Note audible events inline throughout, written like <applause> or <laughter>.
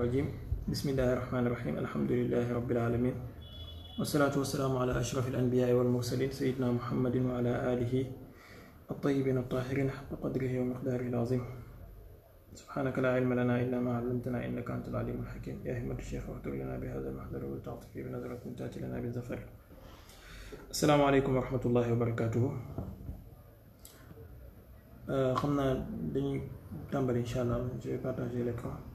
الرجيم بسم الله الرحمن الرحيم الحمد لله رب العالمين والصلاة والسلام على أشرف الأنبياء والمرسلين سيدنا محمد وعلى آله الطيبين الطاهرين حق قدره ومقداره العظيم سبحانك لا علم لنا إلا ما علمتنا إنك أنت العليم الحكيم يا همة الشيخ واهدر لنا بهذا المحضر والتعطف بنظرة تأتي لنا بالزفر السلام عليكم ورحمة الله وبركاته آه، خمنا دني تنبل إن شاء الله je بارتاجي لكم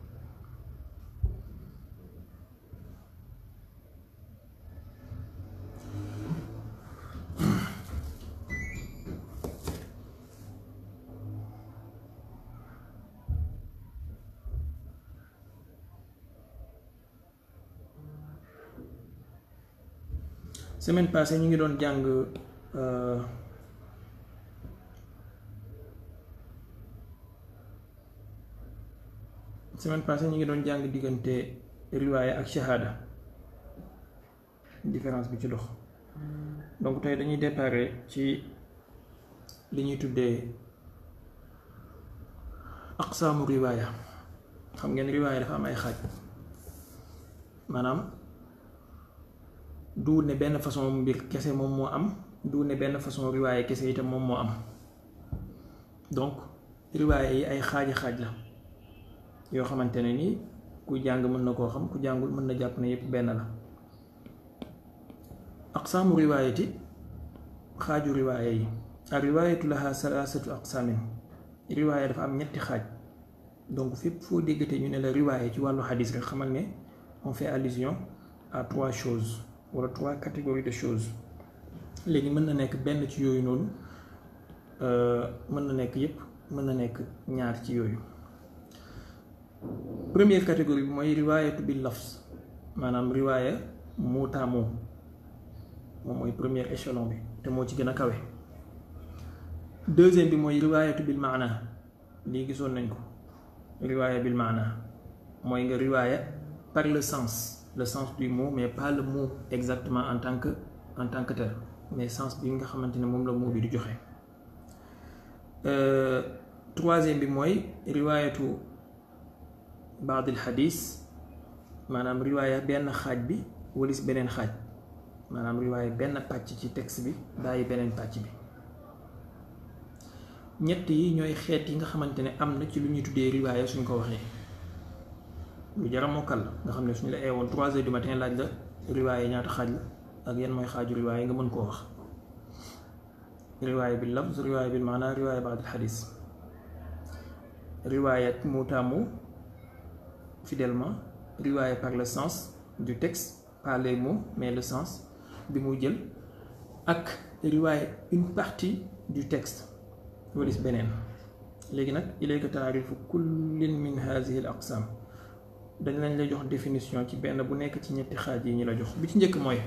semaine passée ñu ngi doon jàng eh, semaine passée ñu ngi doon jàng diggante riwaaya ak shahada différence bi ci dox donc tey dañuy déparé ci li ñuy tuddee aqsaamu riwaaya xam ngeen riwaaya dafa am ay xaaj maanaam du ne benn façon mbir kese moom moo am du ne benn façon riwaaye kese itam moom moo am donc riwaaye yi ay xaaji xaaj la yoo xamante ne nii ku jàng mën na koo xam ku jàngul mën na jàpp ne yépp benn la aqsaamu riwaayati xaaju riwaaye yi ak riwaayatu laha salaasatu aqsaamin riwaaye dafa am ñetti xaaj donc fépp foo déggatee ñu ne la riwaaye ci wàllu xadis rek xamal ne on fait allusion à trois choses wala trois catégories de choses léegi mën na nekk benn ci yooyu noonu euh, mën na nekk yépp mën na nekk ñaar ci yooyu première catégorie bi mooy riwaayatu bi lafs maanaam riwaaya muutaa moom moom mooy premier échelon bi te moo ci gën a kawe deuxième bi mooy riwaayatu bil maana lii gisoon nañ ko riwaaya bil maana mooy nga riwaaya par le sens le sens du mot mais pas le mot exactement en tant que en tant que tel mais sens bi nga xamantene mom la mot di joxe euh, troisième bi al hadith manam riwaya ben bi walis benen manam riwaya ben patch ci texte bi dayi benen patch bi ñett yi yi nga xamantene une ci lu ñuy suñ ko lu jar a mokkal la nga xam ne suñu la eewoon trois heures du matin laaj la riwaaye ñaata xaaj la ak yan mooy xaaju riwaaye nga mën koo wax riwaaye bil lafz riwaaye bil maana riwaaye baad al xadis riwaaye mu tàmmu fidèlement riwaaye par le sens du texte pas les mots mais le sens bi mu jël ak riwaaye une partie du texte walis beneen léegi nag ilayka taarifu kullin min haadihi al aqsaam dañ lañ lay jox définition ci benn bu nekk ci ñetti xaaj yi ñu la jox bi ci njëkk mooy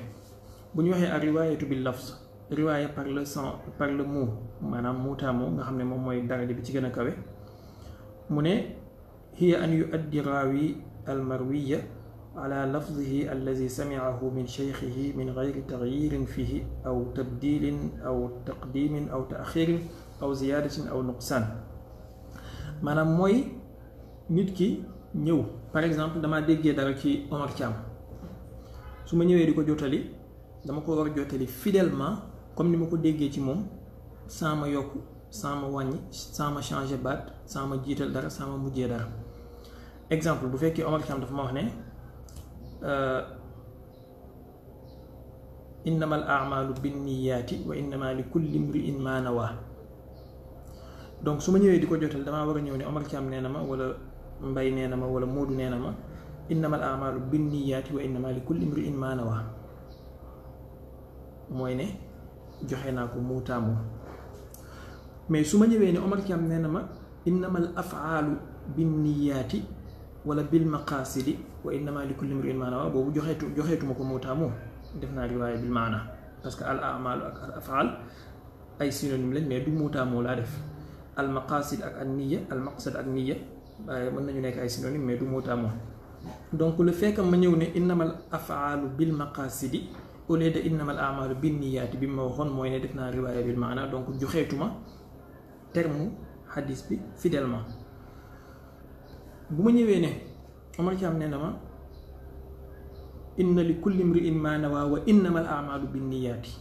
bu ñu waxee riwayatu riwaayatu bi lafs riwaya par le sang par le mot maanaam muutaamu nga xam ne moom mooy daraja bi ci gën a kawe mu ne hiya an yuaddi raawi marwiya على لفظه الذي سمعه من شيخه من غير تغيير فيه أو تبديل أو تقديم أو تأخير أو زيادة أو نقصان maanaam mooy nit ki ñëw par exemple damaa déggee dara ci Omar su ma ñëwee di ko jotali dama ko war a jottali comme ni ma ko déggee ci moom sans ma yokk sans ma wàññi sans ma baat sans ma jiital dara sans ma mujjee dara exemple bu fekkee Omar Thiam dafa ma wax ne euh, innama al binniyaati wa innama li kulli imriin ma nawa donc su ma ñëwee di ko jottali damaa war a ñëw ne Omar Thiam ma wala mbay nee na ma wala moo nee na ma innama al amalu binniyaati wa innama ne joxe naa ko mu su ma ñëwee ne Omar Thiam nee na ma innama al afaalu binniyaati wala bil maqaasidi wa innama li kulli imri in maana wa boobu joxeetu joxeetuma ko mu taamu def naa riwaaya bil maana parce que al amalu ak al afaal ay synonyme lañ mais du mu laa def al maqaasid ak an niya al maqsad ak niya waaye mën nañu nekk ay synonyme mais du mot à donc le fait ma ñëw ne innamal afaalu bil maqasidi au lieu de innamal amalu niyaati bi ma waxoon mooy ne def naa riwaaya bil maana donc joxeetuma terme xadis bi bu ma ñëwee ne Omar Thiam nee na ma wa innamal amalu bin niyaati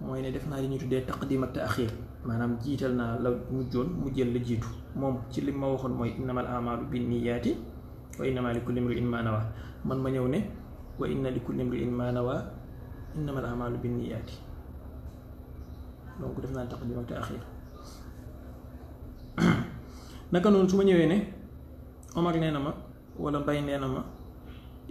mooy ne def naa li ñu tuddee taqdim ak taaxir maanaam jiital naa la mujjoon mu jël la jiitu moom ci li ma waxoon mooy innamal amalu binniyaati wa innama li kulli imri'in ma nawa man ma ñëw ne wa inna li kulli imri'in ma nawa innamal amalu binniyaati donc def naa taqdim ak taaxir <coughs> naka noonu su ma ñëwee ne Omar nee na ma wala Mbay nee na ma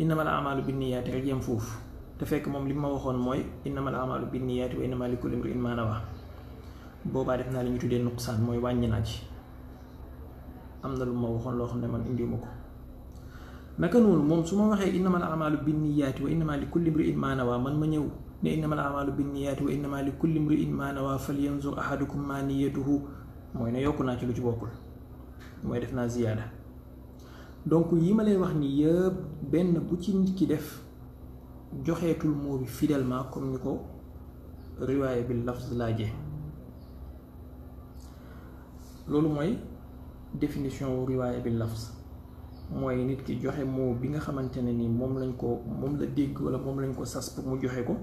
innamal amalu binniyaati rek yem foofu te fekk moom li ma waxoon mooy innamal amalu binniyaati wa innama li kulli imri'in ma nawa boobaa def naa li ñu tuddee nuqsaan mooy wàññi naa ci am na lu ma waxoon loo xam ne man indiwuma ko naka noonu moom su ma waxee innamal amalu binniyaati wa innama li kulli mri'in ma nawa man ma ñëw ne innamal amalu binniyaati wa innama li kulli mri'in ma nawa falyanzur ahadukum ma niyatuhu mooy ne yokk naa ci lu ci bokkul mooy def naa ziyaada donc yi ma leen wax nii yëpp benn bu ci nit def joxeetul moo bi fidèlement comme ñu ko riwaaya bi lafz loolu mooy définition wu riwaaya bi lafs mooy nit ki joxe moo bi nga xamante ne ni moom lañ ko moom la dégg wala moom lañ ko sas pour mu joxe ko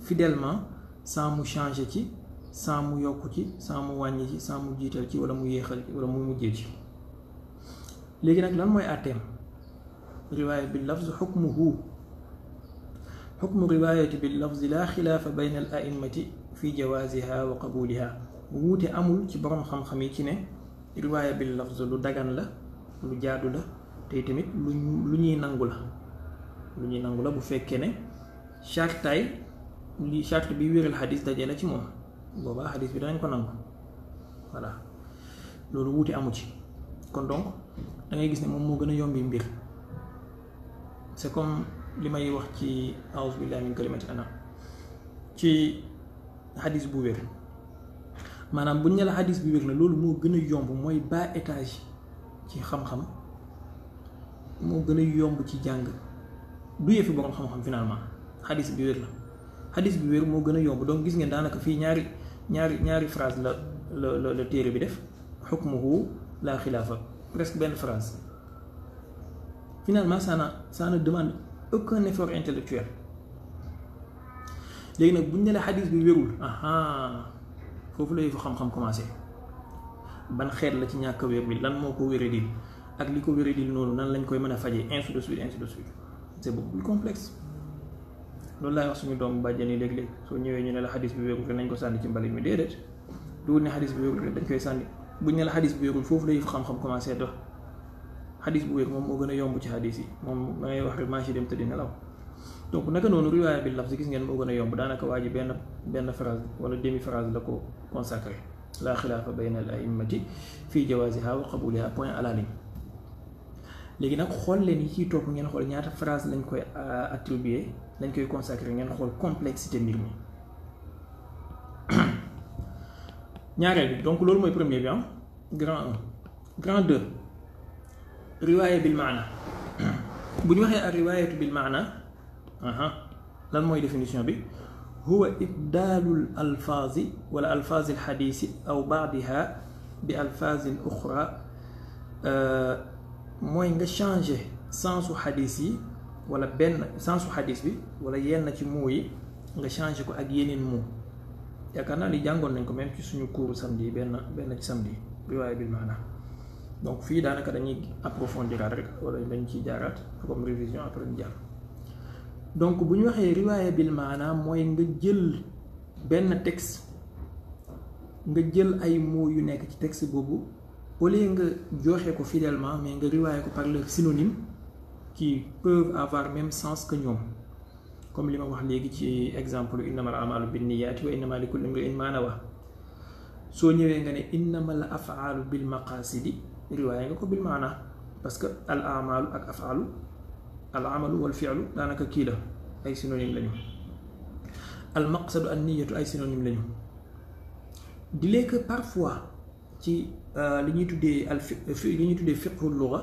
fidelement sans mu changer ci sans mu yokk ci sans mu wàññi ci sans mu jiital ci wala mu yéexal ci wala mu mujjee ci léegi nag lan mooy àtteem riwaaya bi lafz xukmuhu xukmu riwaayati bi lafz laa xilaafa bayna al a'immati fi jawaaziha wa qabuliha wuute amul ci borom xam-xam yi ci ne riwaaya bil lafz lu daggan la lu jaadu la te tamit lu lu ñuy nangu la lu ñuy nangu la bu fekkee ne chartaay li charte bi wéral xadis daje la ci moom boobaa xadis bi danañ ko nangu voilà loolu wuute amu ci kon donc da gis ne moom moo gën a yombi mbir c'est comme li may wax ci aouzu billahi min kalimati ana ci xadis bu wér manam buñu la hadith bi wér na loolu moo gën yomb moy ba étage ci xam-xam mo gëna yomb ci jàng du yëfi borom xam-xam finalement hadith bi wér la xadis bi wér mo gëna yomb donc gis ngeen danaka fi ñaari ñaari ñaari phrase la le le téré bi def hukmuhu la khilafa presque ben phrase finalement ça na ça ne demande aucun effort intellectuel légui nak buñu ne la hadith bi wérul aha foofu la yëfu xam-xam commencé ban xeet la ci ñàkk wér bi lan moo ko wéré dil ak li ko wéré dil noonu nan lañ koy mën a fajee ainsi de suite ainsi de suite c' est beaucoup plus complexe loolu laay wax suñu doom bàjjani léeg-léeg soo ñëwee ñu ne la xadis bi wéegul rek nañ ko sànni ci mbalit mi déedéet du ne xadis bi wéegul rek dañ koy sànni buñ ne la xadis bi wéegul foofu la yëfu xam-xam commencé dox xadis bu wéeg moom moo gën a yomb ci xadis yi moom da ngay wax rek maa ci dem te dina law donc naka noonu riwaaya bi lafz gis ngeen moo gën a yomb daanaka waa ji benn benn phrase wala demi phrase la consacrer consacré la xilaafa bayna al aimmati fii jawaasiha wa qabuliha point à la ligne léegi nag xool leen yi ciy topp ngeen xool ñaata phrase lañ koy attribuer lañ koy consacré ngeen xool complexité mbir mi ñaareel bi donc loolu mooy premier bi ah grand un grand deux riwaaya bil maana bu ñu waxee ak riwaayatu bil ma'na lan mooy définition bi huwa ibdaalul alfaazi wala alfaazi alxadiisi aw baadiha bi alfaazi uxra mooy nga changé sensu xadis yi wala benn sensu xadis bi wala yenn ci muu yi nga changé ko ak yeneen muu yaakaar naa li jàngoon nañ ko même ci suñu cours samedi benn benn ci samedi riwaaya bil maana donc fii daanaka dañuy approfondir rek wala dañ ciy jaaraat comme révision après ñu jàll donc bu ñu waxee riwaaya bil maanaam mooy nga jël benn texte nga jël ay mots yu nekk ci texte boobu au nga joxe ko fidèlement mais nga riwaaya ko par leur synonyme qui peuvent avoir même sens que ñoom comme li ma wax léegi ci exemple innamal amalu binniyaati wa innama likulli imrin ma nawa soo ñëwee nga ne innamal afaalu bil maqasidi riwaaya nga ko bil maana parce que al amalu ak afaalu العمل والفعل دانك كيلا اي سينونيم لنيو المقصد النية اي سينونيم لنيو ديليك بارفوا تي لي تودي الف لي ني تودي فقه اللغه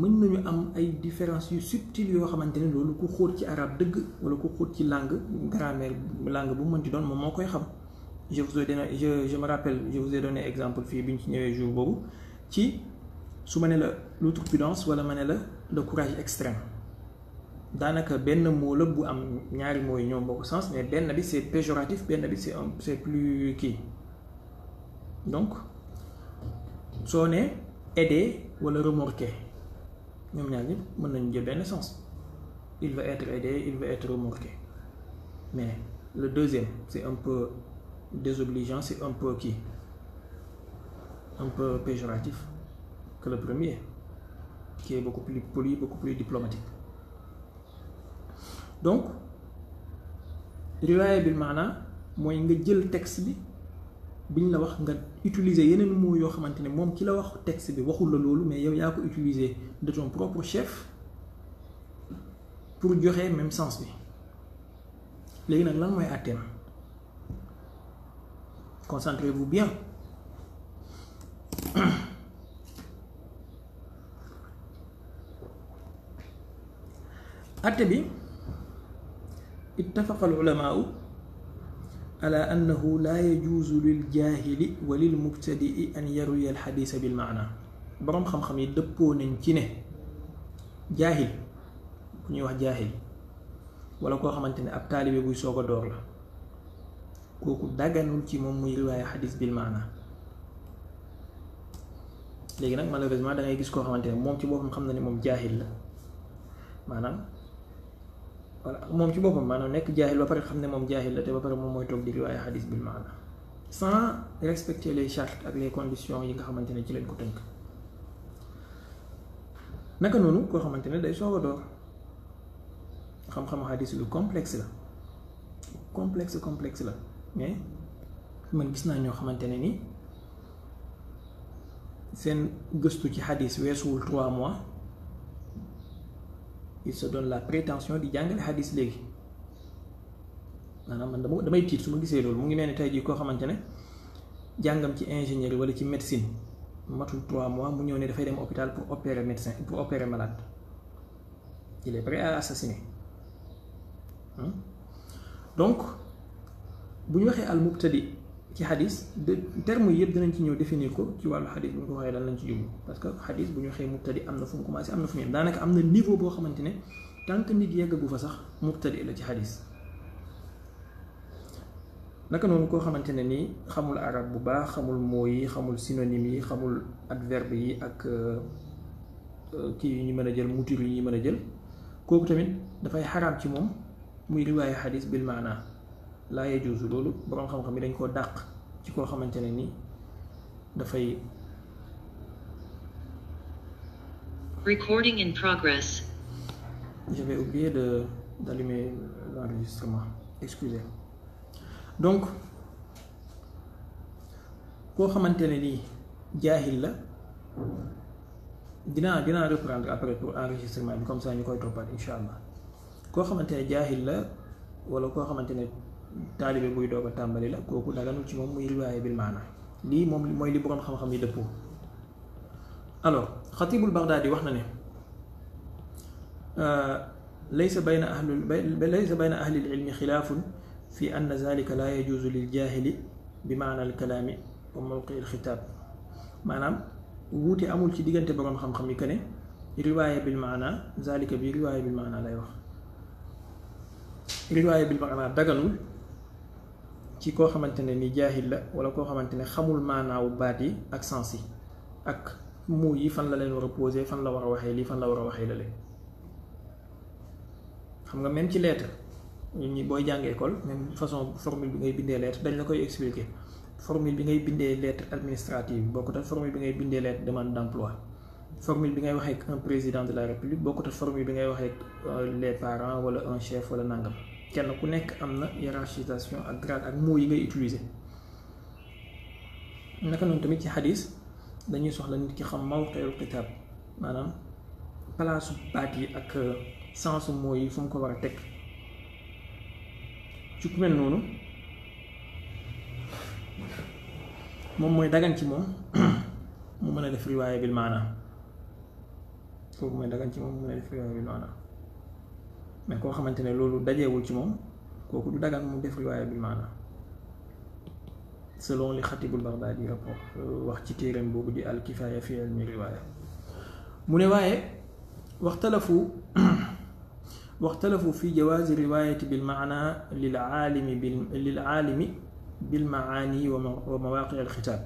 من نانيو ام اي ديفيرونس يو سوبتيل يو خامتيني لولو كو خور تي عرب دغ ولا كو خور تي لانغ غرامير لانغ بو مونتي دون مو موكاي خام je vous ai donné je je me rappelle je vous ai donné exemple fi biñ ci ñëwé jour bobu ci su ma ne la l'outrepudence wala mané la le courage extrême danaka le mot la bu am ñaari un ñom sens mais ben bi c'est péjoratif ben bi c'est c'est plus qui. donc soo aider wala remorquer ñom ñaar ñëpp mën nañu jël benn sens il va être aidé il va être remorqué mais le deuxième c'est un peu désobligeant c'est un peu qui un peu péjoratif que le premier, qui est beaucoup plus poli, beaucoup plus diplomatique. Donc, riwaaya bil maana Moi, nga jël texte bi biñ la wax nga utiliser yeneen mots yoo xamante ne moom ki la wax texte bi waxul la loolu mais yow yaa ko utiliser de ton propre chef pour joxe même sens bi léegi nag lan mooy àtteem concentrez-vous bien أتبي اتفق العلماء على أنه لا يجوز للجاهل وللمبتدئ أن يروي الحديث بالمعنى برام خم خم يدبو ننكنه جاهل كني واحد جاهل ولا كو خم أنتني أبتالي بيبوي سوغو دور لا كوكو داغن ولتي موم موي رواية حديث بالمعنى لكن نك مالوريزمون دا ngay gis كو خم أنتني موم تي خم ناني موم جاهل لا mom ci bopam maanaam nek jahil ba pare xamne mom jahil la te ba pare mom moy tok di riwaya hadith bil maana sans respecter les chartes ak les conditions yi nga xamantene ci leen ko teunk naka nonu ko xamantene day soog do xam xam hadith lu complexe la complexe complexe la mais man gis na ño xamantene ni sen geustu ci hadith 3 mois il se donne la prétention di jàngale hadis léegi maanaam man dama damay tiit su ma gisee loolu mu ngi mel ni tey jii koo xamante ne jàngam ci ingénieur wala ci médecine matul trois mois mu ñëw ne dafay dem hôpital pour opérer médecin pour opérer malade il est prêt à assassiner hmm? donc bu ñu waxee al mubtadi ci hadith de terme yeb dinañ ci ñëw définir ko ci walu hadith bu ñu ko waxee lan lañ ci jublu parce que hadith bu ñu xey mubtadi amna fu mu commencé amna fu mu yem daanaka am niveau bo xamantene tank tant que nit yeggagu fa sax mubtadi la ci hadith naka non ko xamantene ni xamul arab bu baax xamul mot yi xamul synonyme yi xamul adverbe yi ak ki ñu mëna jël mouture yi ñu mëna jël koku tamit da fay haram ci mom muy riwaya hadith bil maanaa laa yajuuzu loolu boroom xam-xam yi dañ koo dàq ci koo xamante ne ni dafay. recording in de d'allumer l'enregistrement excusez donc koo xamante ne nii jaaxil la dinaa dinaa reprendre après pour enregistrement bi comme ça ñu koy toppaat incha allah koo xamante ne la wala koo xamante taalibe buy doga tàmbali la koku daga nu ci mom muy riwaya bil mana li mom moy li borom xam-xam yi depo alors khatib al baghdadi waxna ne euh laysa bayna ahli laysa bayna ahli al ilm khilaf fi anna zalika la yajuz lil jahili bi maana al kalam wa mawqi al khitab manam wuti amul ci digante borom xam-xam yi kené riwaya bil mana zalika bi riwaya bil mana lay wax riwaya bil mana daganul ci koo xamante ne ni jaahil la wala koo xamante ne xamul maanaawu baat yi ak sens yi ak mu yi fan la leen war a posé fan la war a waxee lii fan la war a waxee lale xam nga même ci lettre ñun ñi booy jàng école même façon formule bi ngay bindee lettre dañ la koy expliquer formule bi ngay bindee lettre administrative bokkut ak formule bi ngay bindee lettre demande d'emploi formule bi ngay waxee un président de la république bokkut ak formule bi ngay waxee les parents wala un chef wala nangam. kenn ku nekk am na hiérarchisation ak grade ak mots yi ngay utiliser naka noonu tamit ci xadis dañuy soxla nit ki xam mawqeul kitaab maanaam palaasu baat yi ak euh, sensu mots yi fu mu ko war a teg ci ku mel noonu moom mooy dagan ci moom mu mën a def riwaaya bil maana foofu mooy dagan ci moom mu mën a def riwaaya bil maana mais ko xamantene lolu dajewul ci mom koku du dagan mu def riwaaya bil mana selon li khatib al baghdadi rapport wax ci terem bobu di al kifaya fi al riwaya mune waye waxtalafu waxtalafu fi jawaazi riwaayati bil maana lil aalimi bil lil aalimi bil maani wa mawaqi al xitaab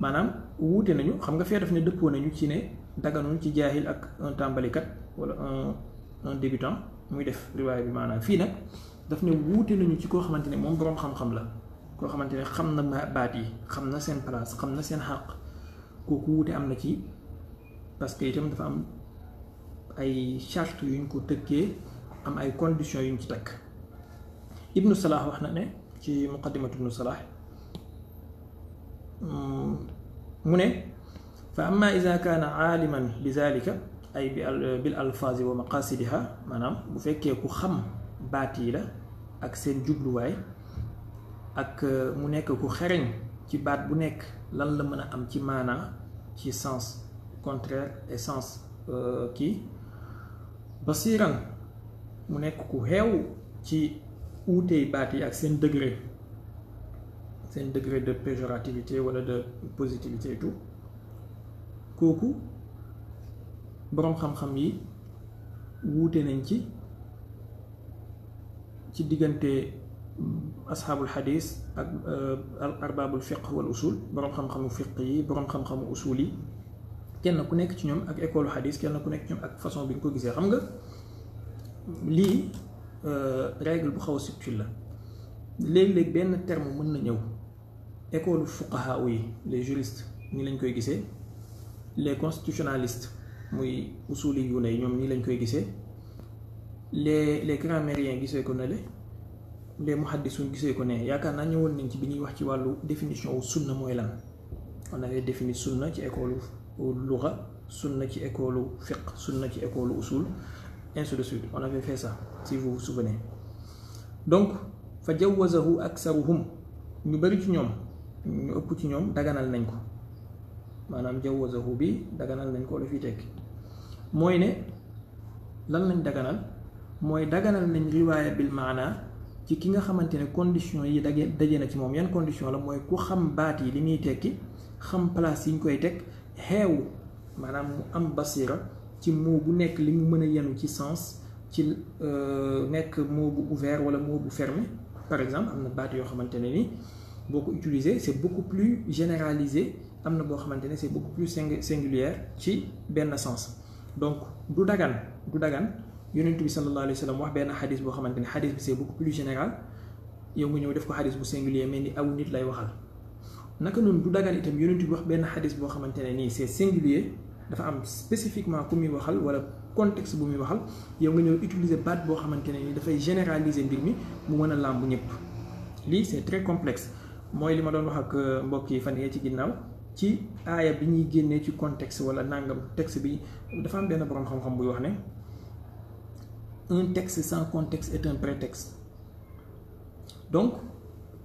maanaam wuute nañu xam nga fee daf ne dëppoo nañu ci ne daganul ci jaahil ak un tàmbalikat wala un un débutant muy def riwaay bi maanaam fii nag daf ne wuute nañu ci koo xamante ne moom boroom xam-xam la koo xamante ne xam na baat yi xam na seen place xam na seen xàq kooku wuute am na ci parce que itam dafa am ay charte yuñ ko tëkkee am ay conditions yuñ ci takk ibnu Salah wax na ne ci muqaddimatu ibnu Salah mm, mu ne fa amma ida kaana aaliman bi zalika ay bi bil alfaasi wa maqasidiha maanaam bu fekkee ku xam baat yi la ak seen jubluwaay ak euh, mu nekk ku xereñ ci baat bu nekk lan la mën a am ci maanaa ci sens contraire et sens euh, kii basiran mu nekk ku xeew ci uutey baat yi ak seen degré seen degré de péjorativité wala de positivité et tout kooku borom xam-xam yi wuute nañ ci ci diggante ashabul xadis ak arbabul fiqh wal usul borom xam-xamu fiqh yi borom xam-xamu usul yi kenn ku nekk ci ñoom ak école xadis kenn ku nekk ci ñoom ak façon bi nga ko gisee xam nga lii règle bu xaw a subtil la léeg-léeg benn terme mën na ñëw école fuqaha yi les juristes ni lañ koy gisee les constitutionnalistes muy usuli yu ne ñoom nii lañ koy gisee les les grammairiens gisee ko ne le les muhaddisuun gisee ko ne yaakaar naa ñëwoon nañ ci bi ñuy wax ci wàllu définition wu sunna mooy lan on avait défini sunna ci école luga sunna ci école fiqh sunna ci école usul ainsi de suite on avait fait ça si vous vous souvenez donc fa jawazahu aksaruhum ñu bëri ci ñoom ñu ëpp ci ñoom daganal nañ ko maanaam jawazahu bi daganal nañ ko la fi tekk mooy ne lan lañ daganal mooy daganal nañ riwaaya bil maana ci ki nga xamante ne condition yi daje daje na ci moom yan condition la mooy ku xam baat yi li muy tekki xam place yi ñu koy teg xeewu maanaam mu am basira ci moo bu nekk li mu mën a yenu ci sens ci euh, nekk moo bu ouvert wala moo bu fermé par exemple am na baat yoo xamante ne ni boo ko utiliser c'est beaucoup plus généralisé am na boo xamante ne c'est beaucoup plus singulière ci benn sens donc du dagan du dagan yonent bi sallallahu alayhi wa sallam wax benn xadis boo xamante ne xadis bi c'est beaucoup plus général yow nga ñëw def ko xadis bu singulier mais ni aw nit lay waxal naka noonu du dagan itam yonent bi wax benn xadis boo xamante ne nii c'est singulier dafa am spécifiquement ku muy waxal wala contexte bu muy waxal yow nga ñëw utiliser baat boo xamante ne nii dafay généraliser mbir mi mu mën a làmb ñëpp lii c'est très complexe mooy li ma doon wax ak euh, mbokk yi fan yee ci ginnaaw. ci aaya bi ñuy génnee ci contexte wala nangam texte bi dafa am benn boroom xam-xam buy wax ne un texte sans contexte est un prétexte donc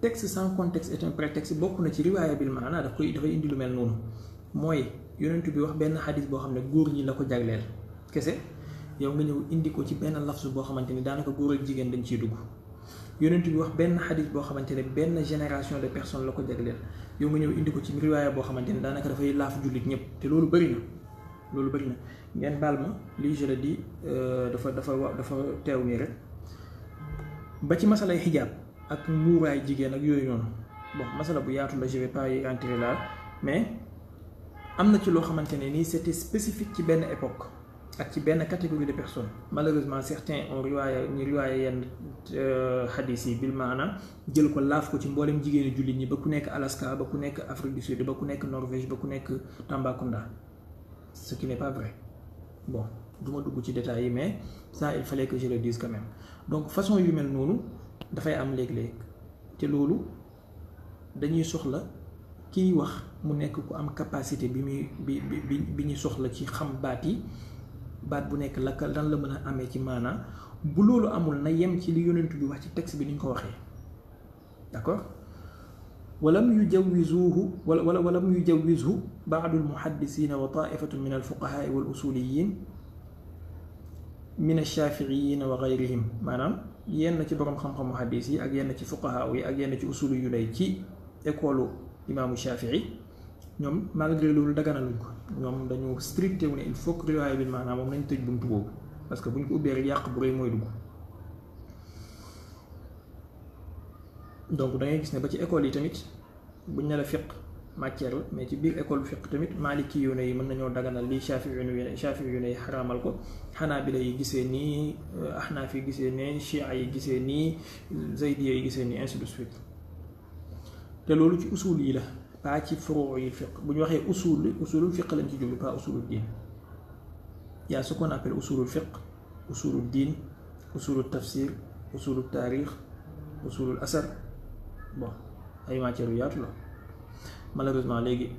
texte sans contexte est un prétexte bokk na ci riwaaya bil maana daf koy dafay indi lu mel noonu mooy yonent bi wax benn xadis boo xam ne góor ñi la ko jagleel kese yow nga ñëw indi ko ci benn lafsu boo xamante ni daanaka góor ak jigéen dañ ciy dugg yonent bi wax benn xadis boo xamante ne benn génération de personnes la ko jagleel yow nga ñëw indi ko ci riwaaya boo xamante ne daanaka dafay laaf jullit ñëpp te loolu bëri na loolu bëri na ngeen baal ma lii je le dis euh, dafa dafa dafa teew nii rek ba ci masalay xijaab ak muuraay jigéen ak yooyu noonu bon masala bu yaatu la je vais pas y rentrer là mais am na ci loo xamante ne nii c'était spécifique ci benn époque ak ci benn catégorie de personnes malheureusement certains ont riwaaya ñu riwaaya yenn xadis euh, yi bil maana jël ko laaf ko ci mboolem jigéenu jullit ñi ba ku nekk Alaska ba ku nekk Afrique du Sud ba ku nekk Norvège ba ku nekk Tambacounda ce qui n'est pas vrai bon du ma dugg ci détails yi mais ça il fallait que je le dise quand même donc façon yu mel noonu dafay am léeg-léeg te loolu dañuy soxla kiy wax mu nekk ku am capacité bi muy bi bi bi ñu soxla ci xam baat yi baat bu nekk laka lan la mën a amee ci maanaa bu loolu amul na yem ci li yonent bi wax ci texte bi ni ñu ko waxee d'accord walam yujawizuhu wala wala walam yujawizuhu baadu almuhaddisina wa taifatun min alfuqahai wal usuliyin min alshaafiiyina wa gayrihim maanaam yenn ci boroom xam-xamu xaddis yi ak yenn ci fuqahaa yi ak yenn ci usuli yu lay ci école imaamu shafii ñoom malgré loolu daganaluñ ko ñoom dañu stricté wu ne il faut que riwaay maanaam moom nañ tëj buntu boobu parce que bu ñu ko ubbee rek yàq bu rëy mooy dugg donc da gis ne ba ci école yi tamit buñ ne la fiq matière la mais ci biir école fiq tamit maaliki yu ne yi mën nañoo daganal lii shaafi yu ne shaafi yu ne yi xaraamal ko xanaabila yi gisee nii ahnaaf yi gisee nii chia yi gisee nii zaydiya yi gisee nii ainsi de te loolu ci usul yi la pas ci furuu yi fiq bu ñu waxee usul usulul fiq lañ ci jublu pas usulul diin y ce qu'on appelle usulul fiq usulul diin usulul tafsir usulul taarix usulul asar bon ay matières yu yaatu la malheureusement léegi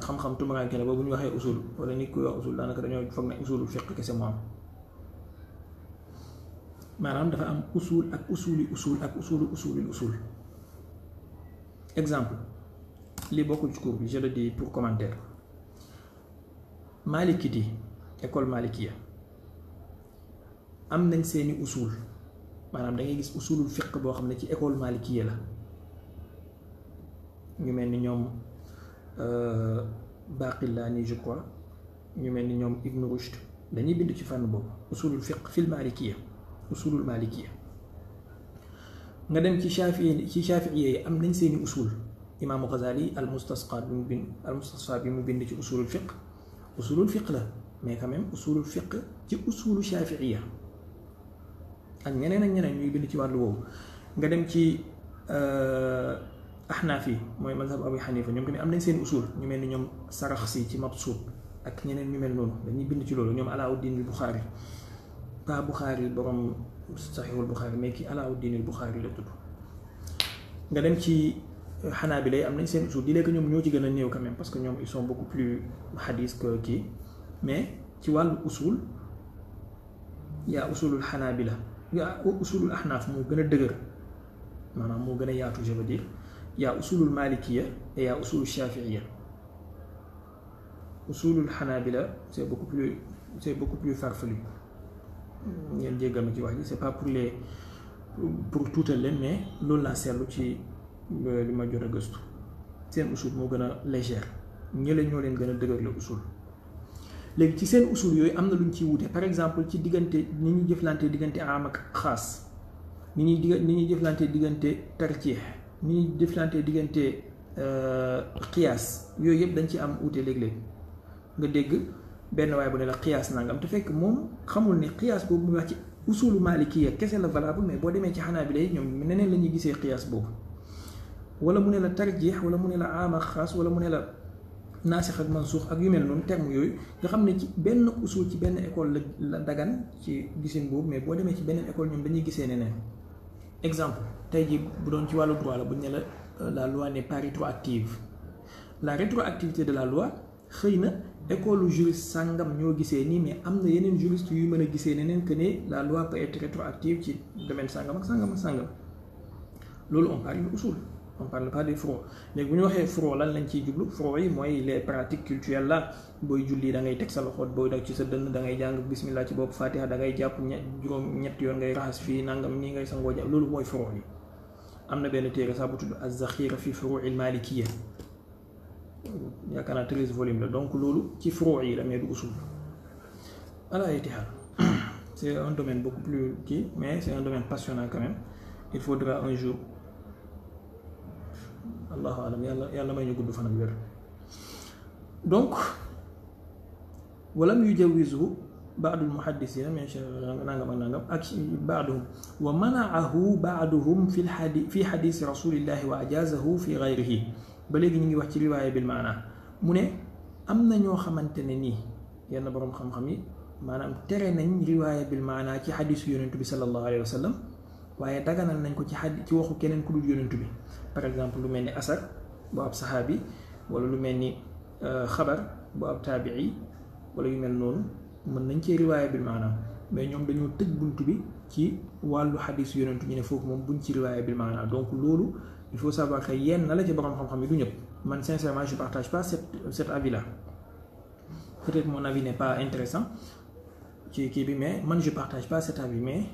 xam-xam tumuraanke ne ba bu ñu waxee usul wala nit ku wax usul daanaka dañoo foog ne usulul fiq kese moo am maanaam dafa am usul ak usuli usul ak usulu usulil usul exemple lii bokkul ci cours bi je pour commentaire Maliki di école Malikiya am nañ seeni usul maanaam dangay ngay gis usulul fiq boo xam ne ci école Malikiya la ñu mel ni ñoom euh, Baqillaani je crois ñu mel ni ñoom Ibn Rushd dañuy bind ci fànn boobu usulul fiq fil Malikiya usulul Malikiya nga dem ci Shafi'i ci Shafi'i yi am nañ seeni usul. إمام Ghazali al-Mustasqa al-Mustasfa bi mu bind ci usulul fiqh usulul fiqh la mais quand même usulul fiqh ci usulu shafiiya ak ñeneen ak ñeneen ñuy bind ci wàllu woowu nga dem ci axnaaf yi mooy mazhab Abu Hanifa ñoom tamit am nañ seen usul ñu mel ni ñoom Saraxsi ci Mabsuut ak ñeneen ñu mel noonu dañuy bind ci loolu ñoom Alaawuddin al Buxaari pas Buxaari borom Saxiixul Buxaari mais ki Alaawuddin al Buxaari la tudd nga dem ci xanaa bi lay am nañ seen usul di léegi ñoom ñoo ci gën a néew quand même parce que ñoom ils sont beaucoup plus hadis que kii mais ci wàllu usul yaa usulul xanaa bi la yaa usulul ahnaaf moo gën a dëgër maanaam moo gën a yaatu je veux dire yaa usulul malikiya et yaa usulul shafiiya usulul xanaa bi la c'est beaucoup plus c'est beaucoup plus farfelu ngeen jéggal ma ci wax ji c'est pas pour les pour tuutal leen mais loolu laa seetlu ci. Euh, li ma jot a gëstu seen usul moo gën a légère ñële ñoo leen gën a dëgër la usul léegi ci seen usul yooyu am na lu ñu ciy wute par exemple ci diggante ni ñuy jëflante diggante aam ak xaas ni ñuy digg ni ñuy jëflante diggante tarciix ni ñuy jëflante diggante xiyaas euh, yooyu yëpp dañ ci am wute léeg-léeg nga dégg benn waaye bu ne la xiyaas nangam te fekk moom xamul ne xiyaas boobu muy wax ci usulu maalikiya kese la valable mais boo demee ci xanaa bi lay ñoom neneen la gisee xiyaas boobu ولا من لا ترجيح ولا من لا عام خاص ولا من لا ناسخ منسوخ اك يمل نون تيرم يوي دا خا نتي بن اصول تي بن ايكول لا دغان تي غيسين بوب مي بو ديمي تي بنن ايكول نيم داني غيسيني نين اكزامبل تاي جي بو دون تي والو دووا لا بو نلا لا لوا ني باري اكتيف لا ريترو اكتيفيتي دو لا لوا خينا ايكولو جوريس سانغام ньо غيسيني ني مي امنا يينن جوريست يوي مانا غيسيني نين كني لا لوا با ايتريترو اكتيف تي دومين سانغام سانغام سانغام لولو اون باري اصول on parle pas des furo mais bu ñu waxee furo lan lañ ci jublu furo yi moy les pratiques culturelles la booy julli da ngay teg sa loxo booy dog ci sa dënn da ngay jang bismillah ci Bob fatiha da ngay jàpp ñett juróom ñett yoon ngay raxas fi nangam nii ngay sangoo jàpp loolu mooy furo yi amna ben benn sa bu tudd az-zakhira fi furu al-malikiyya yaakaar naa volume la donc lolu ci furo yi la mais du usul ala itihad c'est un domaine beaucoup plus qui mais c'est un domaine passionnant quand même il faudra un jour الله أعلم يلا يلا ما يقول دفن غير دونك ولم يجوزه بعض المحدثين من نعم نعم بعضهم ومنعه بعضهم في الحديث في حديث رسول الله واجازه في غيره بلغي نيجي واخ روايه بالمعنى من امنا ньо خمانتني يلا بروم خم خمي مانام تري نني روايه بالمعنى في حديث يونس صلى الله عليه وسلم waaye daganal nañ ko ci xadi ci waxu keneen ku dul yonentu bi par exemple lu mel ni asar bu ab sahabi wala lu mel ni xabar bu ab tabii wala yu mel noonu mën nañ cee riwaaya bil maanaam mais ñoom dañoo tëj buntu bi ci wàllu xadis yonentu ñu ne foofu moom buñ ci riwaaya bil maanaam donc loolu il faut savoir que yenn na la ci borom xam-xam yi du ñëpp man sincèrement je partage pas cette cette avis là peut-être mon avis n'est pas intéressant ci kii bi mais man je partage pas cet avis mais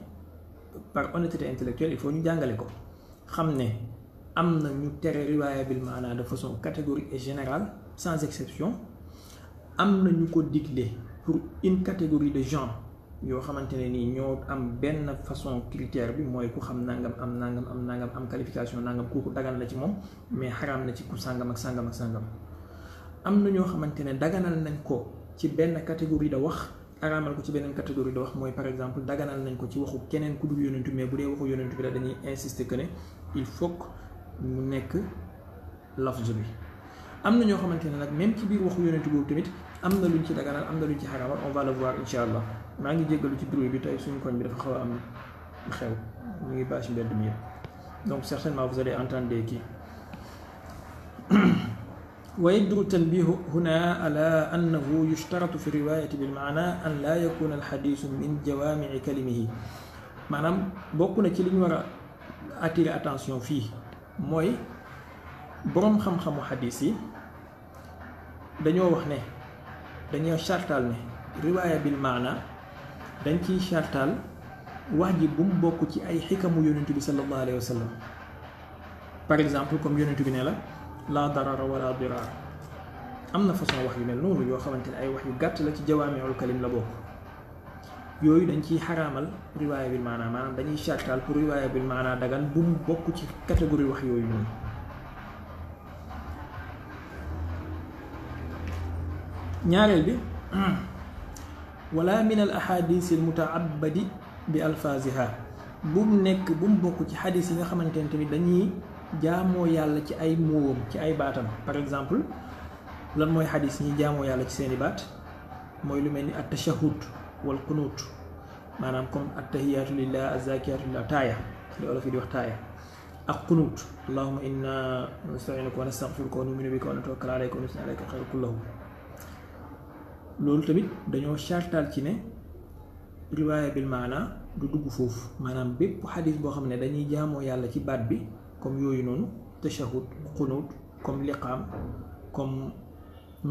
par honnêteté intellectuelle il faut ñu jàngale ko xam ne am na ñu tere riwaayabile maanaa de façon catégorique et générale sans exception am na ñu ko digle pour une catégorie de genre yoo xamante ne nii ñoo am benn façon critère bi mooy ku xam nangam am nangam am nangam am qualification nangam kooku dagan na ci moom mais xaraam na ci ku sàngam ak sàngam ak am na ñoo xamante ne daganal nañ ko ci benn catégorie de wax araamal ko ci benen catégorie do wax moy par exemple daganal nañ ko ci waxu keneen ku dul yonentou mais bu dee waxu yonentou bi la dañuy insister que né il faut mu nekk lafz bi am na ñoo xamante nag même ci biir waxu yonentou boobu tamit am na luñ ci daganal am na luñ ci xaraamal on va le voir incha allah maa ngi jéggalu ci bruit bi tey suñu koñ bi dafa xaw a am xew mu ngi bâche mbedd mi donc certainement vous allez entendre des kii <clears throat> ويجدر التنبيه هنا على أنه يشترط في الرواية بالمعنى أن لا يكون الحديث من جوامع كلمه maanaam bokk na ci li ñu war a attirer attention fii mooy boroom xam-xamu xadis yi dañoo wax ne dañoo chartal ne riwaaya bil maana dañ ciy chartal wax ji bu mu bokk ci ay xikamu yonentu bi sallallahu alayhi wa sallam par exemple comme yonentu bi ne la لا ضرر ولا ضرار امنا فصل وحي من نون يو خامت اي وحي غات لا جوامع الكلم لا بوك يوي دنجي حرامل روايه بالمعنى مانام دنجي شاتال بو روايه بالمعنى دغان بوم بوكو سي كاتيجوري وحي يوي نون نيارل بي ولا من الاحاديث المتعبد بالفاظها بوم نيك بوم بوكو سي حديث يغا خامتاني دنجي jaamoo yàlla ci ay moom ci ay baatam par exemple lan mooy xadis ñi jaamoo yàlla ci seeni baat mooy lu mel ni at tashahud wal qunut maanaam comme at tahiyaatu lillah azakiyatu lillah taaya li olof yi di wax taaya ak qunut allahuma inna nastainuka wa nastaghfiruka wa numinu bika wa natawakkal alayka wa kullahu loolu tamit dañoo chartal ci ne riwaaya bil maana du dugg foofu maanaam bépp xadis boo xam ne dañuy jaamoo yàlla ci baat bi comme yooyu noonu tashahud xunut comme liqaam comme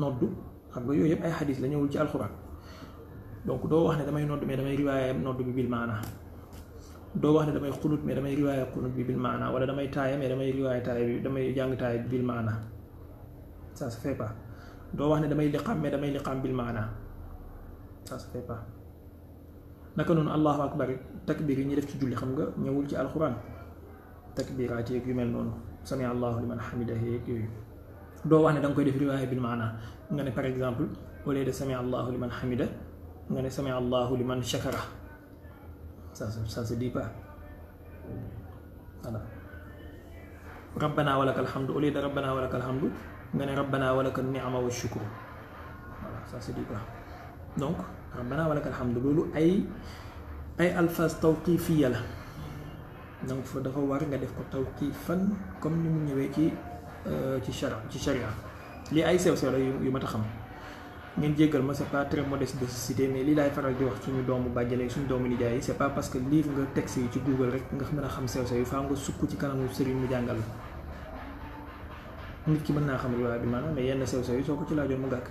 noddu xam nga yooyu yëpp ay xadis la ñëwul ci alxuraan donc doo wax ne damay nodd mais damay riwaaya nodd bi bil maana doo wax ne damay xunut mais damay riwaaya xunut bi bil maana wala damay taaya mais damay riwaaya taaya bi damay jàng taaya bi bil maana ça se fait pas doo wax ne damay liqaam mais damay liqaam bil maana ça se fait pas naka allahu akbar takbir yi def ci julli xam nga ñëwul ci alxuraan takbiraat yeeg yu mel noonu sami allahu man xamida yeeg yooyu doo wax ne da nga koy def riwaaya bil maana nga ne par exemple au lieu de sami allahu liman xamida nga ne sami allahu liman shakara ça ça se dit pas voilà rabbana walaka alhamdu au lieu de rabbana walaka alhamdu nga ne rabbana walaka niama wa shukru voilà ça alhamdu loolu ay ay alphase tawqifiya la donc fa dafa war nga def ko tawqifan comme ni mu ñewé ci euh, ci sharia ci sharia li ay sew sew la yu mata xam ngeen jéggal ma c'est pas très modeste de cité mais li lay faral di wax suñu doomu bàjjale suñu doomu nijaay c'est pas parce que livre nga texte ci google rek nga mën a xam sew sew yi faa nga sukk ci kanamu serigne mu jangal nit ki mëna xam riwaay bi manam mais yenn sew sew yi soo ko ci laajoon mu gàkk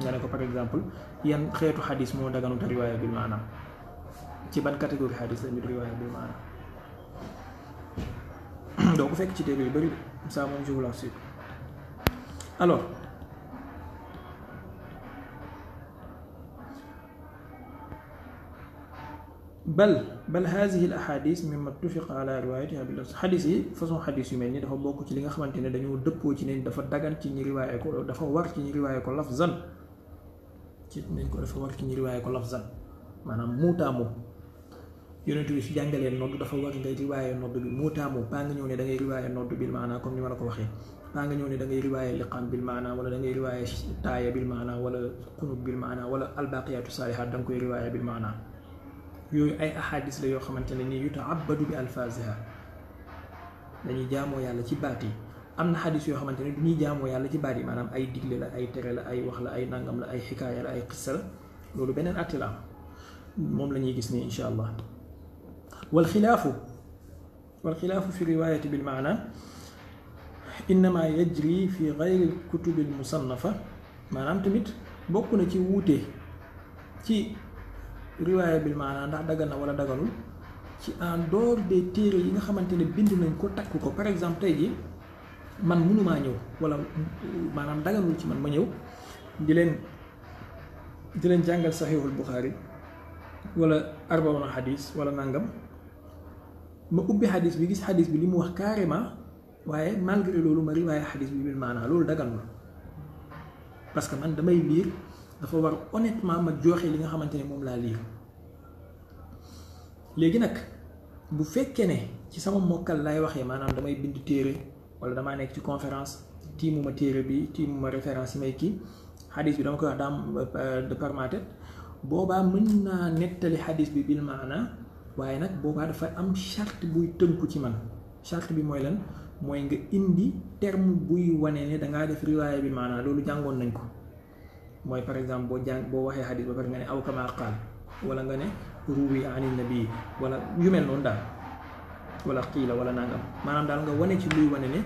nga ko par exemple yenn xéetu hadith mo daganu ta riwaya bi manam ci ban catégorie hadith la ñu riwaya bi manam Hmm, doo ko fekk ci téere yu bari ça moom je vous l'assure alors bal bal haadihi al ahadis mimma tufiqa ala riwayatiha bi lafs yi façon xadis yu mel ni dafa bokk ci li nga xamante ne dañoo dëppoo ci ne dafa dagan ci ñi riwaaye ko dafa war ci ñi riwaaye ko lafzan ci nañ ko dafa war ci ñi riwaaye ko lafzan maanaam muutaa yonent bi si jàngalee nodd dafa war ngay riwaaye nodd bi muutaamu paa nga ñëw ne da ngay riwaaye nodd bil maana comme ni ma la ko waxee paa nga ñëw ne da ngay riwaaye liqaam bil maana wala da ngay riwaaye taaya bil maana wala xunub bil maana wala albaqiyaatu saalihaat da nga koy riwaaye bil maana yooyu ay ahadis la yoo xamante ne nii yutaabadu bi alfaziha dañuy jaamoo yàlla ci baat yi am na xadis yoo xamante ne du ñuy jaamoo yàlla ci baat yi maanaam ay digle la ay tere la ay wax la ay nangam la ay xikaaya la ay xissa la loolu beneen atti la am moom la ñuy gis nii incha allah والخلاف والخلاف في الرواية بالمعنى إنما يجري في غير الكتب المصنفة ما نعم تمت بكون كي ووتي كي رواية بالمعنى دا دغنا ولا دغنا كي أن دور دي تيري يغا خمانتيني بيند نان كو تاكو كو بار اكزامبل تاي جي مان مونو ما نيو ولا ما نعم دغنا لو مان ما نيو دي لين صحيح البخاري ولا أربعون حديث ولا نانغام ma ubbi hadith bi gis hadith bi limu wax carrément waaye malgré loolu ma riwaaya hadith bi bil maanaa loolu ma parce que man damay lire dafa war honnêtement ma joxe li nga xamante ne moom laa liir léegi nag bu fekkee ne ci sama mokkal lay waxee maanaam damay bind téere wala dama nekk ci conférence tiimuma téere bi tiimuma référence yi may kii xadis bi dama koy wax daam de par ma tête boobaa mën naa nettali xadis bi bil maanaa waaye nag boobaa dafa am charte buy tënku ci man charte bi moy lan moy nga indi terme buy wane ne da nga def riwaya bi maanaa lolu jangon nañ ko moy par exemple bo jang bo waxee hadith ba par nga né aw kama wala nga né ruwi ani nabi wala yu mel non daal wala qila wala nangam manam dal nga wane ci luy wane ne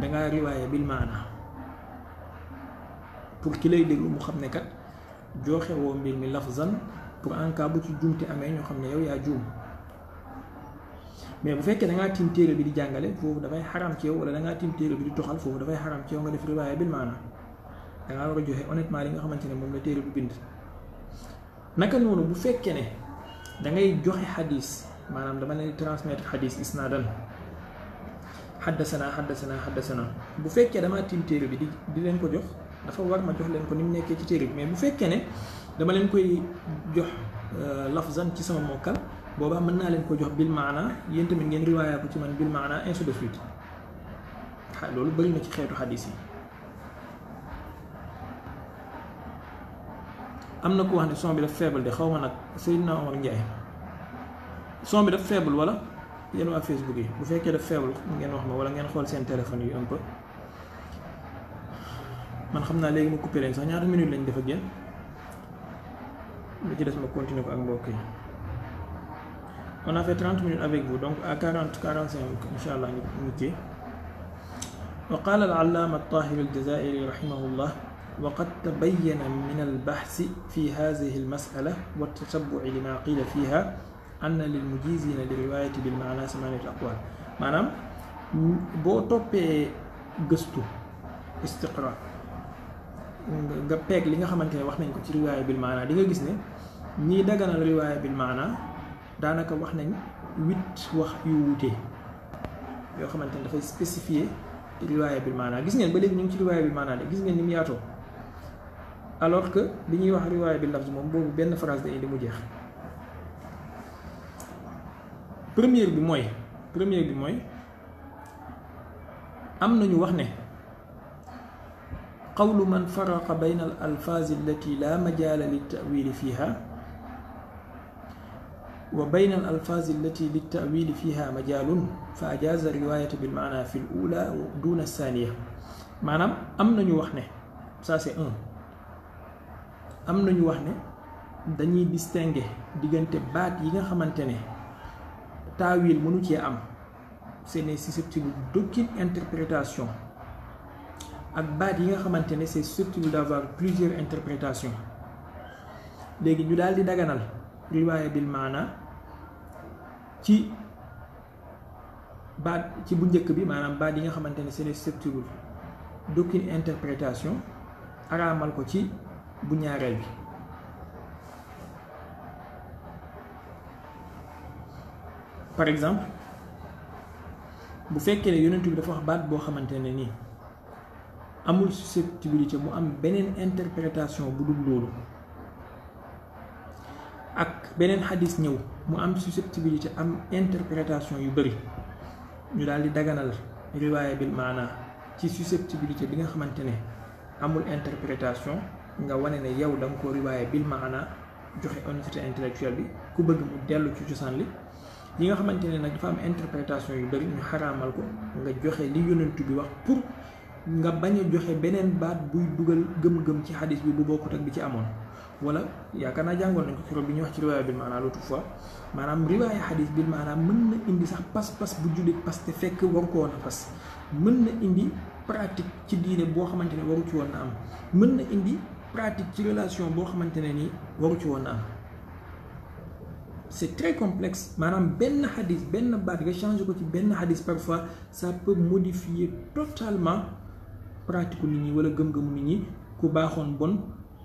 da nga riwaya bil mana pour ki lay déglu mu xamné kat joxé wo mbir mi lafzan pour en cas bu ci amé ñu xamné yow ya mais bu fekkee da ngaa tiim téere bi di jàngale foofu dafay xaram ci yow wala da ngaa tiim téere bi di toxal foofu dafay xaram ci yow nga def riwaaya bil maana da war a joxe honnêtement li nga xamante ne moom la téere bu bind naka noonu bu fekkee ne da ngay joxe xadis maanaam dama leen di transmettre xadis isnaadan xaddasana xaddasana xaddasana bu fekkee damaa tiim téere bi di di leen ko jox dafa war ma jox leen ko ni mu nekkee ci téere bi mais bu fekkee ne dama leen koy jox euh, lafzan ci sama mokkal boobaa mën naa leen ko jox bil maana yéen tamit ngeen riwaaya ko ci man bil maana ainsi de suite xa loolu bëri na ci xeetu xadis yi am na ku wax ne son bi daf faible de xaw ma nag Seydina Omar Ndiaye son bi daf faible wala yéen waa Facebook yi bu fekkee daf faible ngeen wax ma wala ngeen xool seen téléphone yi un peu man xam naa léegi ma coupé leen sax ñaata minute lañ def ak yéen lu ci des ma continuer ko ak mbokk yi on a fait 30 minutes avec vous donc à 40 45 inchallah ñu ci وقال العلامة الطاهر الجزائري رحمه الله وقد تبين من البحث في هذه المسألة والتتبع لما قيل فيها أن للمجيزين للرواية بالمعنى ثمانية الأقوال معنى بو توبي قستو استقراء قبيك لنخمان li nga xamante رواية بالمعنى nañ ko ci riwaaya bil بالمعنى daanaka wax nañ huit wax yu wuute yoo xamante ne dafay spécifié riwaaya bil maanaa gis ngeen ba léegi ñu ngi ci riwaaya bi maanaa de gis ngeen ni mu yaatoo alors que bi ñuy wax riwaaya bi lafz moom boobu benn phrase day indi mu jeex première bi mooy première bi mooy am nañu wax ne qawlu man faraqa bayna al alfaaz allati la majaala li tawili fiha وبين الألفاظ التي للتأويل فيها مجال فأجاز الرواية بالمعنى في الأولى دون الثانية معنى أمن يوحنا ساسي أن أمن يوحنا دني ديستنجي ديغنت بات يغا خمانتني تأويل منو أم سيني سيسيبتيب دوكين انتربريتاسيون ak baat yi nga xamantene c'est susceptible d'avoir plusieurs interprétations légui ñu daldi daganal riwaya ci baat ci bu njëkk bi maanaam baat yi nga xamante ne c'est susceptible d'aucune interprétation araamal ko ci bu ñaareel bi par exemple bu fekkee ne yonent bi dafa wax baat boo xamante ne nii amul susceptibilité mu am beneen interprétation bu dul loolu ak beneen xadis ñëw mu am susceptibilité am interprétation yu bëri ñu daal di daganal riwaaya bil maana ci susceptibilité bi nga xamante ne amul interprétation nga wane ne yow da nga ko riwaaya bil maana joxe honnêteté intellectuelle bi ku bëgg mu dellu ci cosaan li yi nga xamante ne nag dafa am interprétation yu bëri ñu xaraamal ko nga joxe li yonent bi wax pour nga bañ a joxe beneen baat buy dugal gëm-gëm ci xadis bi bu bokkut ak bi ci amoon wala yaakaar naa jàngoon nañ ko keroog bi ñuy wax ci riwaaya bil maanaa l'autre fois maanaam riwaaya xadis bil maanaam mën na indi sax pas-pas bu jullit parce que fekk waru ko woon a fas mën na indi pratique ci diine boo xamante ne waru ci woon na am mën na indi pratique ci relation boo xamante ne nii waru ci woon am c'est très complexe maanaam benn xadis benn baat nga changé ko ci benn xadis parfois ça peut modifier totalement pratique nit ñi wala gëm-gëmu nit ñi ku baaxoon bon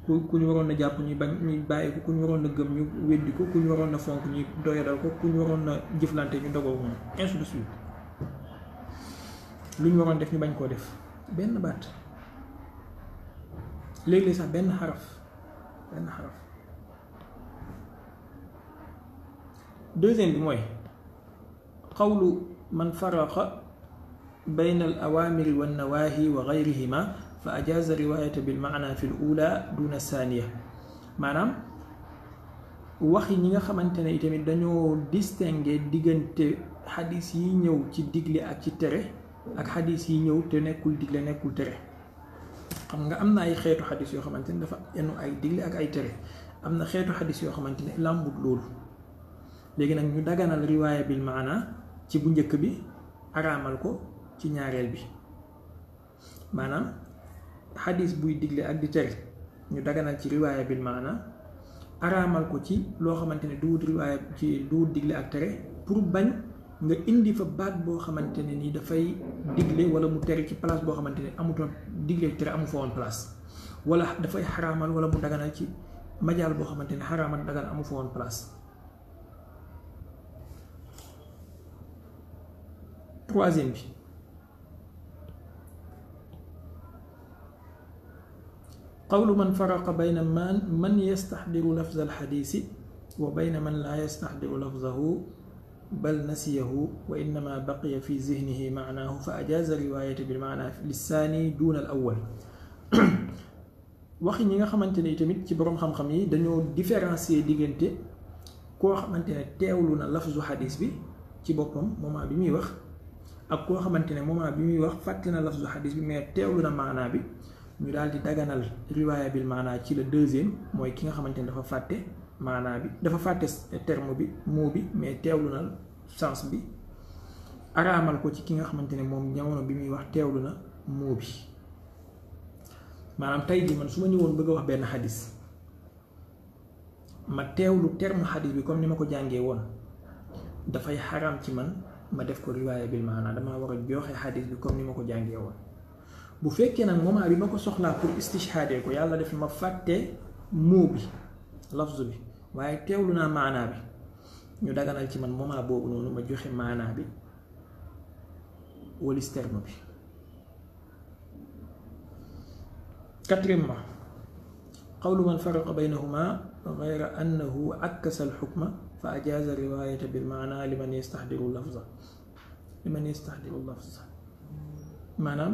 ku ku ñu waroon a jàpp ñu bañ ñu bàyyi ko ku ñu waroon a gëm ñu weddi ko ku ñu waroon a fonk ñu doyadal ko ku ñu waroon a jëflante ñu dogoo moom ainsi de suite lu ñu waroon def ñu bañ koo def benn baat léeg-léeg sax benn xaraf benn xaraf deuxième bi mooy xawlu man faraqa bayna al awamiri wa nawaahi wa gayrihima fa ajaaza riwaayata bil maana fi l ula duna saaniya maanaam yi ñi nga xamante ne itamit dañoo distinguer diggante xadis yi ñëw ci digle ak ci tere ak xadis yi ñëw te nekkul digle nekkul tere xam nga am na ay xeetu xadis yoo xamante ne dafa enu ay digle ak ay tere am na xeetu xadis yoo xamante ne làmbut loolu léegi nag ñu daganal riwaaya bil maana ci bu njëkk bi araamal ko ci ñaareel bi maanaam xadis buy digle ak di tere ñu daganal ci riwaaya bil maana araamal ko ci loo xamante ne duwut riwaaya ci duwut digle ak tere pour bañ nga indi fa baat boo xamante ne ni dafay digle wala mu tere ci place boo xamante ne amutoon digle tere amu fa woon place wala dafay xaraamal wala mu daganal ci majaal boo xamante ne xaraamal dagan amu fa woon place troisième قول من فرق بين من, من يستحضر لفظ الحديث وبين من لا يستحضر لفظه بل نسيه وإنما بقي في ذهنه معناه فأجاز الرواية بالمعنى للثاني دون الأول waxi ñi nga xamante ne tamit ci borom xam-xam yi dañoo différencier diggante koo xamante ne teewlu na lafzu xadis bi ci boppam moment bi muy wax ak koo xamante ne moment bi muy wax fàtte na lafzu xadis bi mais teewlu na maanaa bi ñu daal di daganal riwaaya bil ci la deuxième mooy ki nga xamante ni dafa fàtte maanaa bi dafa fàtte terme bi mot bi mais teewlu na sens bi araamal ko ci ki nga xamante ne moom jamono bi muy wax teewlu na mot bi maanaam tey jii man su ma ñëwoon bëgg a wax benn xadis ma teewlu terme xadis bi comme ni ma ko jàngee woon dafay xaraam ci man ma def ko riwaaya bil maanaa damaa war a joxe xadis bi comme ni ma ko jàngee woon bu fekkee nag moment bi ma ko soxlaa pour istishhaadee ko yàlla def ma fàtte muu bi lafzu bi waaye teewlu naa maanaa bi ñu daganal ci man moment boobu noonu ma joxe maanaa bi walis terme bi quatrièmement qawlu man faraqa baynahuma gayra annahu akkasa alxukma fa ajaza riwayata bilmaana liman yastaxdiru lafza liman yastaxdiru lafza maanaam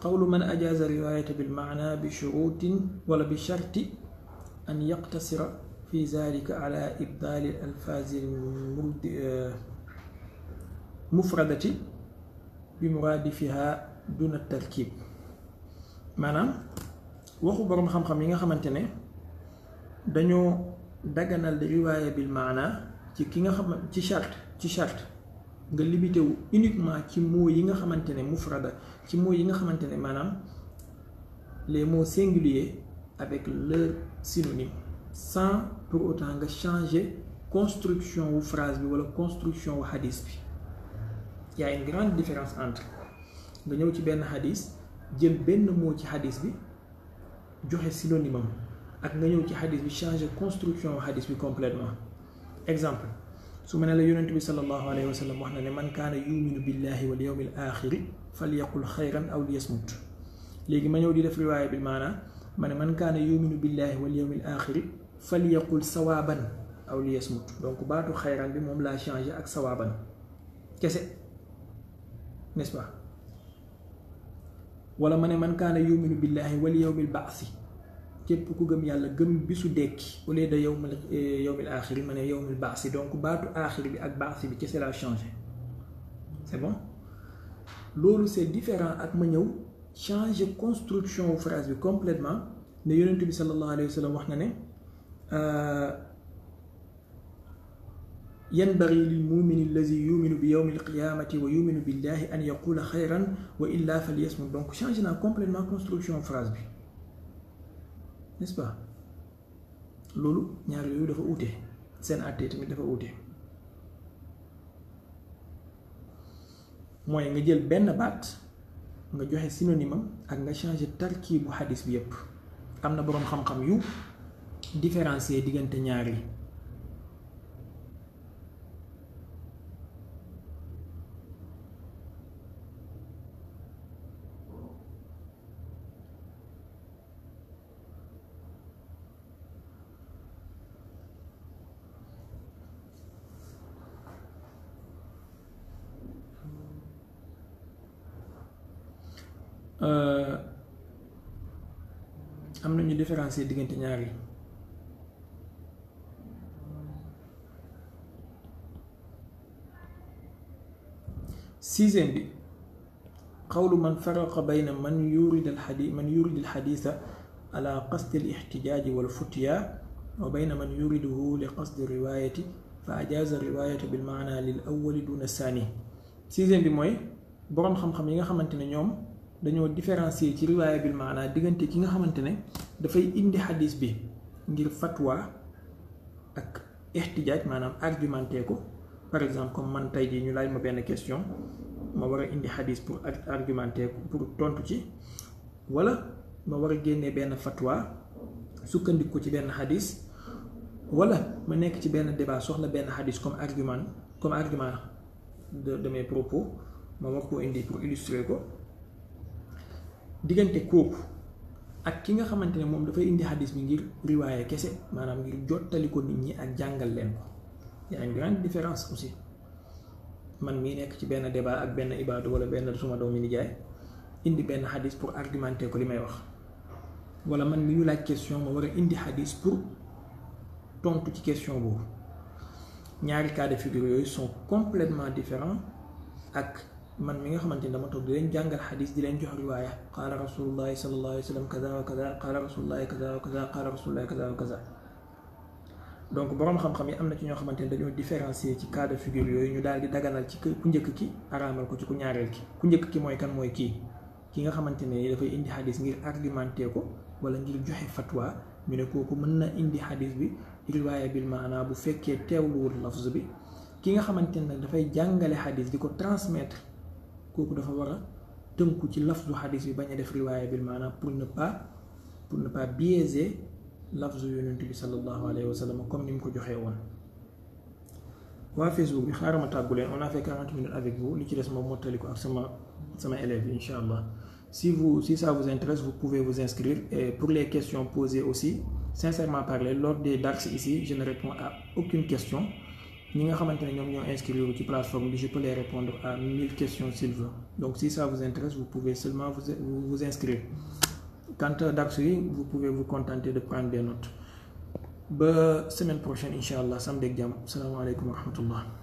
قول من أجاز الرواية بالمعنى بشروط ولا بشرط أن يقتصر في ذلك على إبدال الألفاظ المفردة آه، بمرادفها دون التركيب معنى وخو بروم خم خم ييغا خامتاني دانيو دغانال الرواية بالمعنى تي كيغا خم تي شرط تي شرط nga limité wu uniquement ci mots yi nga xamante ne mufrada ci mots yi nga xamante ne les mots singuliers avec leur synonyme sans pour autant nga changer construction wu phrase bi wala construction wu hadis bi y a une grande différence entre nga ñëw ci benn hadis jël benn mot ci hadis bi joxe synonyme am ak nga ñëw ci hadis bi changer construction wu hadis bi complètement exemple su ma ne la yonent bi sallallahu alayhi wa sallam wax na ne man kaana yuminu billahi wal yawmi al axiri fal yaqul xayran aw liyasmut léegi ma ñëw di def riwaaya bi maanaa ma ne man kaana yuminu billahi wal yawmi al axiri fal yaqul sawaaban aw liyasmut donc baatu xayran bi moom laa changé ak sawaaban kese n'est-ce pas wala ma ne man kaana yuminu billahi wal yawmi al baasi كيف كو گم يالا گم بيسو ديكي اولي دا يوم يوم الاخر من يوم البعث دونك باتو اخر بي اك بعث بي كيسلا شانجي سي بون لولو سي ديفيرون اك ما نيو شانجي كونستركسيون او فراز بي كومبليتمان ني يونت بي صلى الله عليه وسلم واخنا ني ينبغي للمؤمن الذي يؤمن بيوم القيامة ويؤمن بالله أن يقول خيرا وإلا فليسمع دونك شانجينا كومبليتمان كونستركسيون فراز بي nest pas loolu ñaar yooyu dafa wuute seen àttee tamit dafa wuute mooy nga jël benn baat nga joxe synonyme ak nga changé tarkiibu xadis bi yépp am na boroom xam-xam yu différencier diggante ñaar Euh, am ñu différencier diggante ñaar yi sixième bi qawlu man faraqa bayna man yurid alxadi man yurid alxadisa ala qasdi alixtijaaji walfutiya wa bayna man yuriduhu li qasdi riwaayati fa ajaaza riwaayata bilmaana lil awali duna saani sixième bi mooy boroom xam-xam yi nga xamante ne ñoom dañoo différencier ci riwaaya bil maanaa diggante ki nga xamante ne dafay indi xadis bi ngir fatwa ak ihtijaaj maanaam argumenté ko par exemple comme man tey jii ñu laaj ma benn question ma war a indi xadis pour argumenté ko pour tontu ci wala ma war a génnee benn fatwa sukkandiku ci benn xadis wala ma nekk ci benn débat soxla benn xadis comme argument comme argument de de mes propos ma war koo indi pour illustrer ko. diggante kooku ak ki nga xamante ne moom dafay indi xadis bi ngir riwaaye kese maanaam ngir jottali ko nit ñi ak jàngal leen ko y a différence aussi man mii nekk ci benn débat ak benn ibaadu wala benn suma doomi nijaay indi benn xadis pour argumenter ko li may wax wala man mi ñu laaj question ma war a indi xadis pour tontu ci question boobu ñaari cas de figure yooyu sont complètement différents ak man mi nga xamante ni dama toog di leen jàngal xadis di leen jox riwaaya qaala rasulullahi sallallahu alayhi wa sallam kaza wa kaza qaala rasulullahi kaza wa kaza qaala rasulullahi kaza wa kaza donc boroom xam-xam yi am na ci ñoo xamante ne dañoo différencier ci cas de figure yooyu ñu daal di daganal ci ku njëkk ki araamal ko ci ku ñaareel ki ku njëkk ki mooy kan mooy kii ki nga xamante ne dafay indi xadis ngir argumenté ko wala ngir joxe fatwa ñu ne kooku mën na indi xadis bi riwaaya bil maanaa bu fekkee teewluwul lafz bi ki nga xamante ne nag dafay jàngale xadis di ko transmettre kooku dafa war a tënku ci lafzu xadis bi bañ a def riwaaya bi maanaam pour ne pas pour ne pas biaiser lafzu yonent bi sallallahu alayhi wa sallam comme ni mu ko joxee woon. waa Facebook bi xaaral ma tàggu leen on a fait 40 minutes avec vous li ci des ma mottali ak sama sama élève yi incha allah si vous si ça vous intéresse vous pouvez vous inscrire et pour les questions posées aussi sincèrement parler lors des dax ici je ne réponds à aucune question ñi nga xamante ne ñoom ñoo inscrire ci plateforme bi je peux les répondre à 1000 questions s'il veut donc si ça vous intéresse vous pouvez seulement vous vous inscrire quant à Daxuri vous pouvez vous contenter de prendre des notes ba semaine prochaine inshallah samedi Assalamu wa rahmatullah